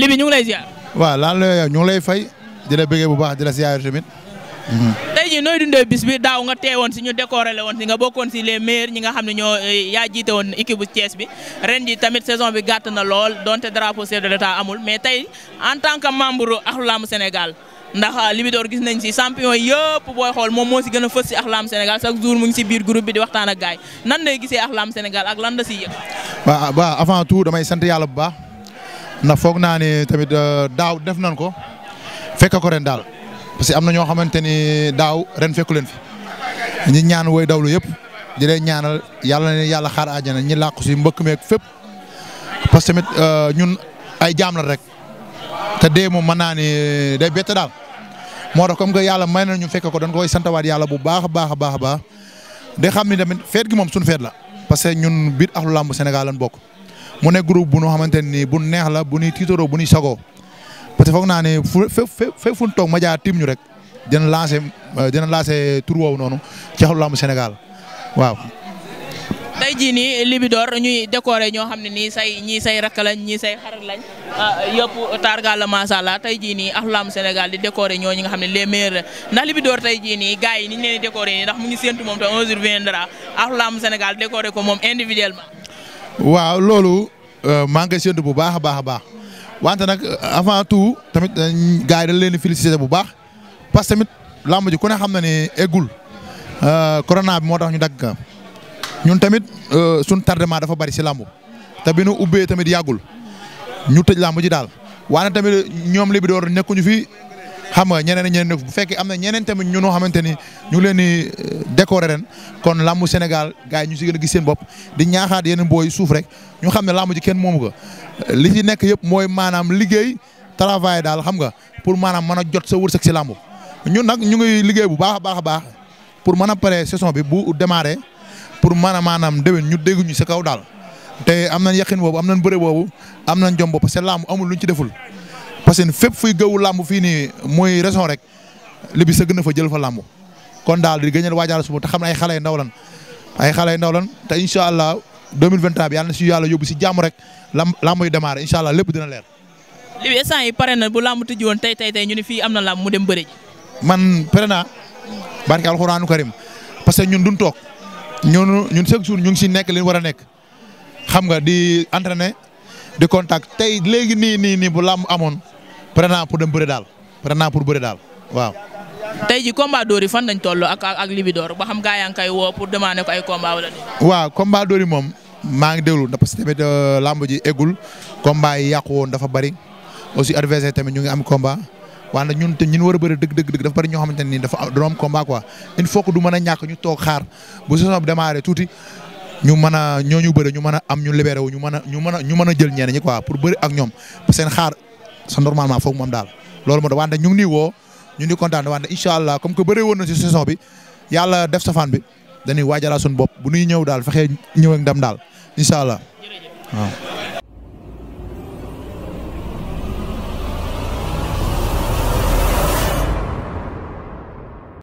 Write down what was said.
li bi ñu ngi lay ziar. waaw lan la ngi lay fay di la bu baax di la ziar tamit. Mhm. tey jii nooy dundee bis bi daaw nga teewoon si ñu décoré la woon si nga bokkoon si les meilleurs ñi nga xam ne ñoo eh, yaa jiite woon équipe bu Thiès bi ren ji tamit saison bi gàtt na lool donte drapeau chef de l'état amul mais tey en tant que membre Ahlou Lamb Sénégal ndax ah, Libidor gis nañ si champion yëpp booy xool moom moo si gën a fës si Ahlou Lamb Sénégal chaque jour mu ngi si biir groupe bi di waxtaan ak gaay nan lay gisee Ahlou Lamb Sénégal ak lan la siy yëg. damay sant yàlla bu baax. ndax foog naa ni tamit euh, daaw def nañ ko fekk ko ren daal parce que am na ñoo xamante ni daaw ren fekku leen fi ñi ñaan woy dawlu yëpp di ñaanal yàlla na yàlla xaar àjjana ñi làqu si mbëkk meeg fépp. parce que tamit euh, ñun ay jaam la rek te dee moom mën naa ni euh, day bett daal moo tax comme que yàlla may na ñu fekk ko dañ koy santawaat yàlla bu baax a baax a baax baax de xam ni tamit feet gi moom suñu feet la parce que ñun biir axlu làmb Sénégal lañ bokk. mu nekk groupe bu ñu xamante ne nii bu neex la bu ñuy tiitaroo bu ñuy sagoo parce que foog naa ne fu fépp fépp fu ñu toog ma jaa tim ñu rek dina lancé euh, dina lancé tur noonu ci xelu làmb Sénégal waaw. tey jii nii ñuy décorer ñoo xam ne nii say ñii say rakk lañ ñii say xarit lañ ah, yëpp jii nii xelu làmb Sénégal di décorer ñoo ñi nga xam ne les meilleurs ndax Libidor tey jii nii yi ni ñu leen di décorer nii ndax mu ngi séntu moom te Sénégal décorer ko moom individuellement. waaw loolu euh, maa ngi koy bu baax a baax a baax wante nag euh, avant tout tamit gars yi dañ leen bu baax parce que tamit làmb ji ku ne xam na ne eggul euh, corona bi moo tax ñu dagg ñun tamit suñ tardement dafa bari si làmb te bi nu ubbee tamit yàggul ñu tëj làmb ji daal waane tamit ñoom li nekkuñu fi xam nga ñeneen ñeneen bu fekkee am na ñeneen tamit ñun ñoo xamante ni ñu leen di euh, décorer ren kon làmbu Sénégal gars ñu si gën a gis seen bopp di ñaaxaat yeneen booy suuf rek ñu xam ne làmb ji kenn moomu ko li ci nekk yëpp mooy maanaam liggéey travail daal xam nga pour maanaam mën a jot sa sak si làmb ñun nag ñu ngi liggéey bu baax a baax a baax pour mën a pare saison bi bu démarré pour mën a maanaam déwén ñu dégguñu sa kaw daal te am nañ yaqin boobu am nañ bëre boobu am nañ jom bopp c'est làmb amul luñ ci deful parce que fépp fuy gëwu làmb fii nii mooy raison rek li bi sëgg na fa jël fa làmb kon daal di gëñal waajaal suba te xam ne ay xale yu ndaw lan xale yu ndaw lan te incha allah 2023 bi yàlla na si yàlla yóbbu si jàmm rek lam làmb yi démarré incha allah lépp dina leer. li bi instant pare na bu làmb tëjee woon tey tey tey ñu ne fii am na làmb mu dem bëri. man pare naa barke alxuraanu karim parce que ñun duñ toog ñun ñun chaque jour ñu ngi si nekk li war a nekk xam nga di entraîner di contact tey léegi nii nii nii bu làmb amoon. pare naa pour dem bëre daal pare naa pour bëre daal waaw. tey ji combat dóor yi fan ak ak ak Libidor ba xam gaa yaa ngi koy woo pour demander ko ay combat wala ni waaw combat dóor moom maa ngi déglu parce que tamit euh, lamb ji eggul combat yi yàqu woon dafa bari aussi adversaire tamit ñu ngi am combat. waaye ñu ñun te ñun war bëri dëgg dëgg dëgg dafa bëri ñoo xamante ne nii dafa am combat quoi il faut que du mën a ñàkk ñu toog xaar bu saison tuuti ñu mën a ñoo ñu bëri ñu mën a am ñu libéré wu ñu mën a ñu mën a ñu mën a jël ñeneen ñi quoi pour bëri ak ñoom seen xaar sa normalement foog moom daal loolu moo tax wante ñu ngi nii woo ñu ngi kontaan wante incha allah comme que bëree woon na si bi yàlla def sa fan bi dañuy waajalaat suñu bopp bu ñuy ñëw daal fexe ñëw ndam daal incha allah waaw.